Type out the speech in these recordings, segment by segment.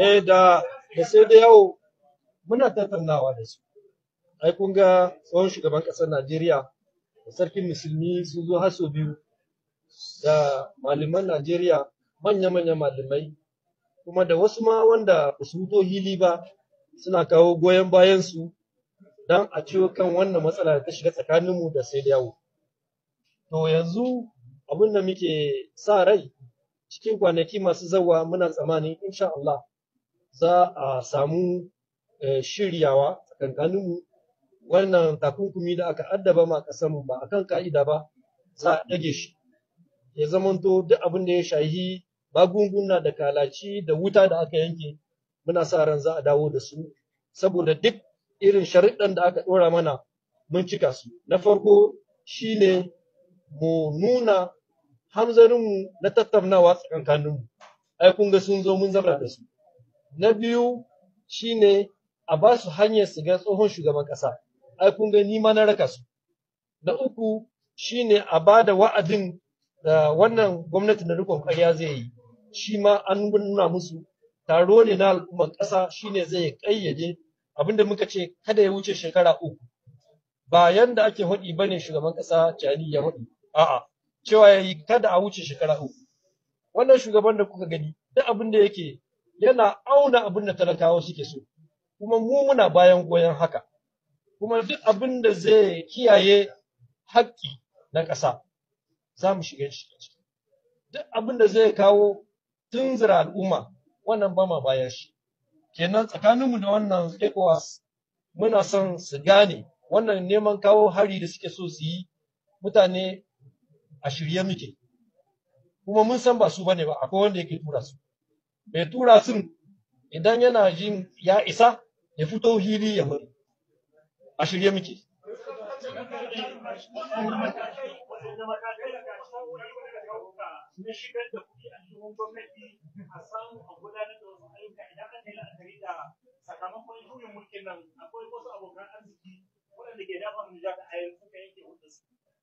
e da da sai da yau muna tattaunawa da su ai kun ga tsohon shugaban ƙasar Najeriya da sarkin musulmi sun zo haso biyu da malaman Najeriya manya-manyan malamai kuma da wasu ma wanda ba su fito hili ba suna kawo goyon bayan su don a ciwo kan wannan matsala da ta shiga tsakaninmu da sai da yawo. To yanzu abin da muke sa rai cikin kwanaki masu zawa muna tsammanin insha Allah za a samu eh, shiryawa tsakankaninmu wannan takunkumi da aka addaba ma ƙasarmu ba a kan ka'ida ba za a ɗage shi ya zamanto duk abin da ya shahi magunguna da kalaci da wuta da aka yanke muna sa ran za a dawo da su saboda duk irin sharuɗan da aka ɗora mana mun cika su na farko shi ne mu nuna hamzarinmu na tattaunawa tsakankaninmu ai kun ga sun zo mun zama da su Na biyu shine a ba su hanyar su ga tsohon shugaban ƙasa, ai kun ga ma na raka su. Na uku shine a ba da wa'adin da wannan gwamnati na rikon ƙarya zai yi, shi ma an nuna musu taro ne na al'ummar ƙasa shine zai ƙayyade abinda muka ce kada ya wuce shekara uku. Ba yanda ake hudi ba shugaban ƙasa Jani ya hudi a'a, cewa ya kada a wuce shekara uku. Wannan shugaban da kuka gani, duk abin da yake yana auna abin da talakawa suke so kuma mu muna bayan goyon haka kuma duk abin da zai kiyaye haƙƙi na ƙasa za mu shiga shi duk abin da zai kawo tunzura al'umma wannan ba ma bayan shi kenan tsakaninmu da wannan ECOWAS muna son su gane wannan neman kawo hari da suke so su yi mutane a shirye muke kuma mun san ba su bane ba akwai wanda yake tura su mai tura sun idan yana jin ya isa ya fito hili ya bar? a shirye muke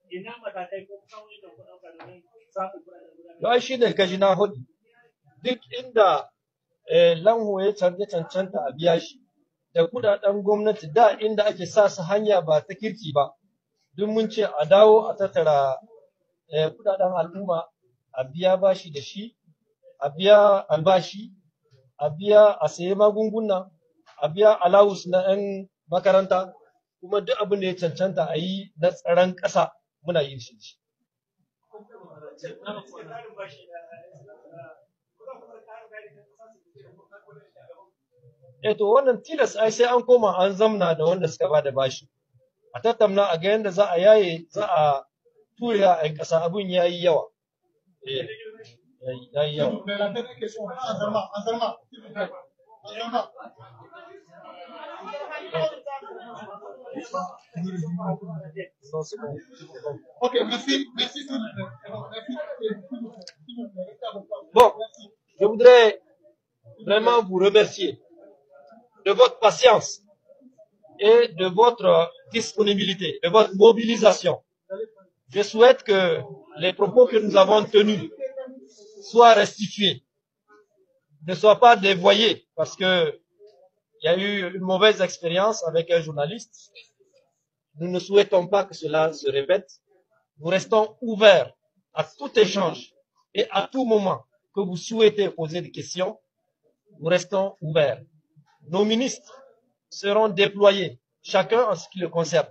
ina matakai da shi ne kashi na hudu duk inda eh, lanho ya cancanta a biya shi da kudaden gwamnati da inda ake sa su hanya ba ta kirki ba duk mun ce a dawo a tattara eh, kudaden al'umma a biya bashi da shi a biya albashi a biya a sayi magunguna a biya alawus na 'yan makaranta kuma duk abin da ya cancanta a yi na tsaron ƙasa muna yin shi eh to wannan tilas ai sai an koma an zamna da wanda suka bada bashi a tattauna a ga yanda za a yaye za a tura a ƙasa abun yayi yawa eh, yawa Bon, je voudrais vraiment vous remercier. de votre patience et de votre disponibilité, de votre mobilisation. Je souhaite que les propos que nous avons tenus soient restitués, ne soient pas dévoyés, parce que il y a eu une mauvaise expérience avec un journaliste. Nous ne souhaitons pas que cela se répète. Nous restons ouverts à tout échange et à tout moment que vous souhaitez poser des questions. Nous restons ouverts nos ministres seront déployés, chacun en ce qui le concerne,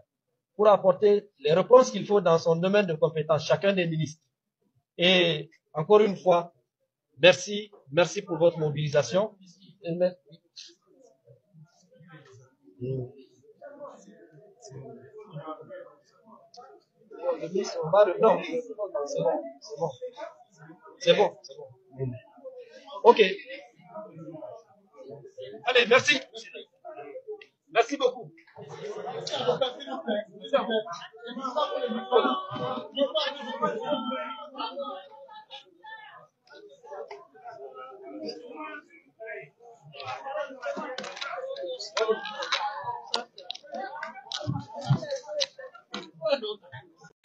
pour apporter les réponses qu'il faut dans son domaine de compétence, chacun des ministres. Et encore une fois, merci, merci pour votre mobilisation. C'est bon, c'est bon. OK. Merci. Merci beaucoup.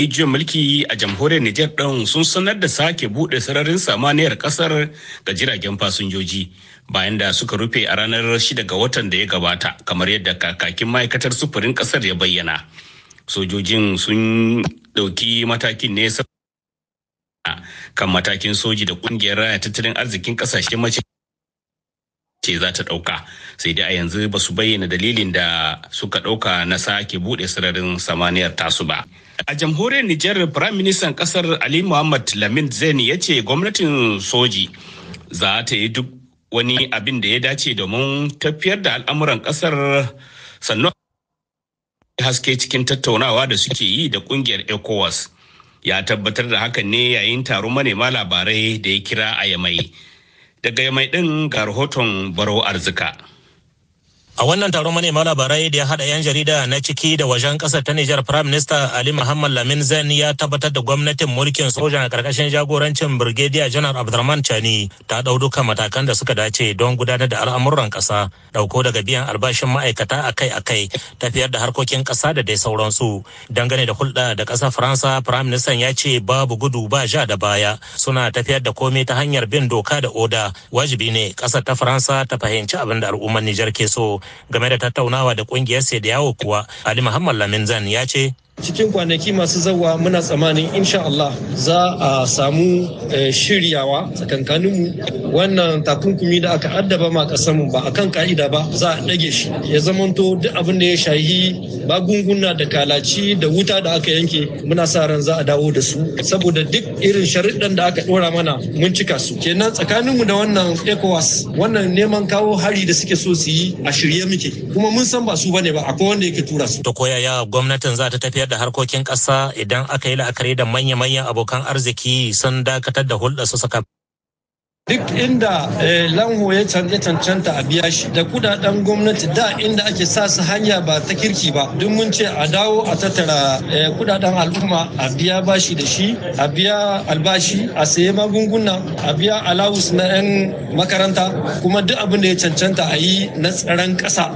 Ijiyar mulki a jamhuriyar Nijar ɗin sun sanar da sake buɗe sararin samaniyar ƙasar ga jiragen fasinjoji bayan da suka rufe a ranar 6 ga watan da ya gabata kamar yadda kakakin ma'aikatar sufurin ƙasar ya bayyana. Sojojin sun ɗauki matakin ne kan matakin soji da ƙungiyar raya tattalin arzikin ƙasashen mace ce za ta ɗauka sai dai a yanzu ba su bayyana dalilin da suka ɗauka na sake buɗe sararin samaniyar tasu ba. A jamhuriyar Nijar Prime Minister ƙasar Ali Muhammad Lamin Zain ya ce gwamnatin soji za ta yi duk wani abin da ya dace domin tafiyar da al'amuran ƙasar sannan haske cikin tattaunawa da suke yi da ƙungiyar ECOWAS ya tabbatar da hakan ne yayin taron manema labarai da ya kira a yamai. Daga mai ɗin ga rahoton baro arzika. A wannan taron manema labarai da ya haɗa 'yan jarida na ciki da wajen ƙasar ta Nijar Prime Minister Ali Muhammad Lamin Zain ya tabbatar da gwamnatin mulkin soja a ƙarƙashin jagorancin Brigadier General Abdurrahman Chani ta ɗau duka matakan da suka dace don gudanar da al'amuran ƙasa, ɗauko daga biyan albashin ma'aikata akai-akai, tafiyar da harkokin ƙasa da dai sauransu. Dangane da hulɗa da ƙasar Faransa, Prime Minister ya ce babu gudu ba ja da baya, suna tafiyar da komai ta hanyar bin doka da oda. Wajibi ne ƙasar ta Faransa ta fahimci abin da al'ummar Nijar ke so. game da tattaunawa da kungiyar sai da yawo kuwa ali muhammad laminzan ya ce cikin kwanaki masu zawa muna tsammanin insha Allah za a samu eh, shiryawa tsakankaninmu wannan takunkumi da aka addaba ma kasanmu ba akan ka'ida ba za a ɗage shi ya zamanto duk abin da ya shahi magunguna da kalaci da wuta da aka yanke muna sa ran za a dawo da su saboda duk irin sharuɗan da aka ɗora mana mun cika su kenan tsakaninmu da wannan ECOWAS wannan neman kawo hari da suke so su yi a shirye muke kuma mun san ba su bane ba akwai wanda yake tura su. To koyaya gwamnatin za ta tafiyar da harkokin ƙasa idan aka yi la'akari da manya-manyan abokan arziki sun dakatar da hulɗa su saka duk inda eh, lanho ya canje cancanta a biya shi da kudaden gwamnati da inda ake sa su hanya ba ta kirki ba duk mun ce a dawo a tattara eh, kudaden al'umma a biya bashi da shi a biya albashi a saye magunguna a biya alawus na 'yan makaranta kuma duk abin da ya cancanta a yi na tsaron ƙasa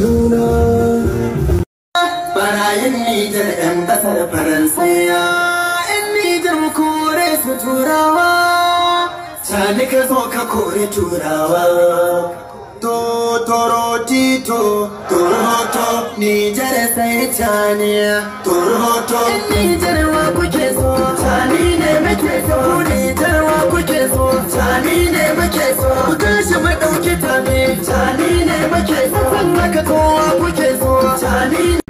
kaduna barayin nijar yan ƙasar faransaiya yan nijar kore su turawa cani ka zo ka kore turawa to toro tito toroto nijar sai cani toroto yan nijar wa kuke so tani ne muke so mu tashi mu dauki tani tani ne muke so haka kowa kuke so tani